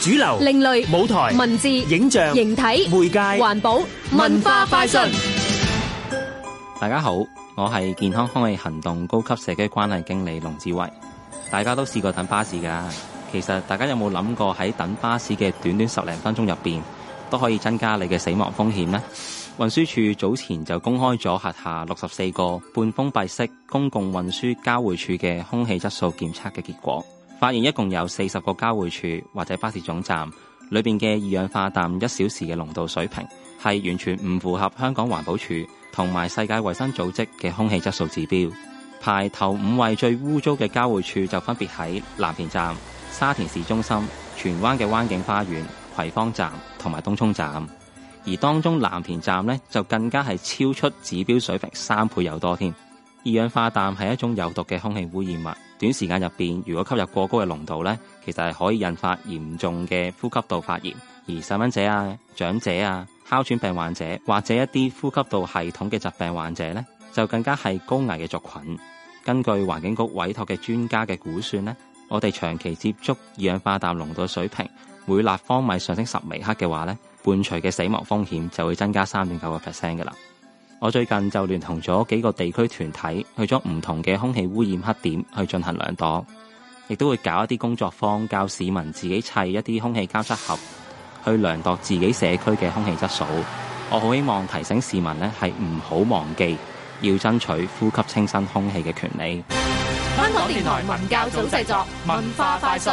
主流、另類舞台、文字、影像、形體、媒介、環保、文化快訊。大家好，我係健康空氣行動高級社區關係經理龍志偉。大家都試過等巴士噶，其實大家有冇諗過喺等巴士嘅短短十零分鐘入邊，都可以增加你嘅死亡風險咧？運輸署早前就公開咗轄下六十四個半封閉式公共運輸交匯處嘅空氣質素檢測嘅結果。發現一共有四十個交匯處或者巴士總站，裏面嘅二氧化氮一小時嘅濃度水平係完全唔符合香港環保署同埋世界衞生組織嘅空氣質素指標。排頭五位最污糟嘅交匯處就分別喺藍田站、沙田市中心、荃灣嘅灣景花園、葵芳站同埋東涌站，而當中藍田站呢，就更加係超出指標水平三倍有多添。二氧化氮係一種有毒嘅空氣污染物，短時間入邊如果吸入過高嘅濃度呢，其實係可以引發嚴重嘅呼吸道發炎。而細蚊仔啊、長者啊、哮喘病患者或者一啲呼吸道系統嘅疾病患者呢，就更加係高危嘅族群。根據環境局委託嘅專家嘅估算呢，我哋長期接觸二氧化氮濃度水平每立方米上升十微克嘅話呢，伴隨嘅死亡風險就會增加三點九個 percent 㗎喇。我最近就聯同咗幾個地區團體，去咗唔同嘅空氣污染黑點去進行量度，亦都會搞一啲工作坊，教市民自己砌一啲空氣監測盒，去量度自己社區嘅空氣質素。我好希望提醒市民呢，係唔好忘記要爭取呼吸清新空氣嘅權利。香港電台文教組製作文化快訊。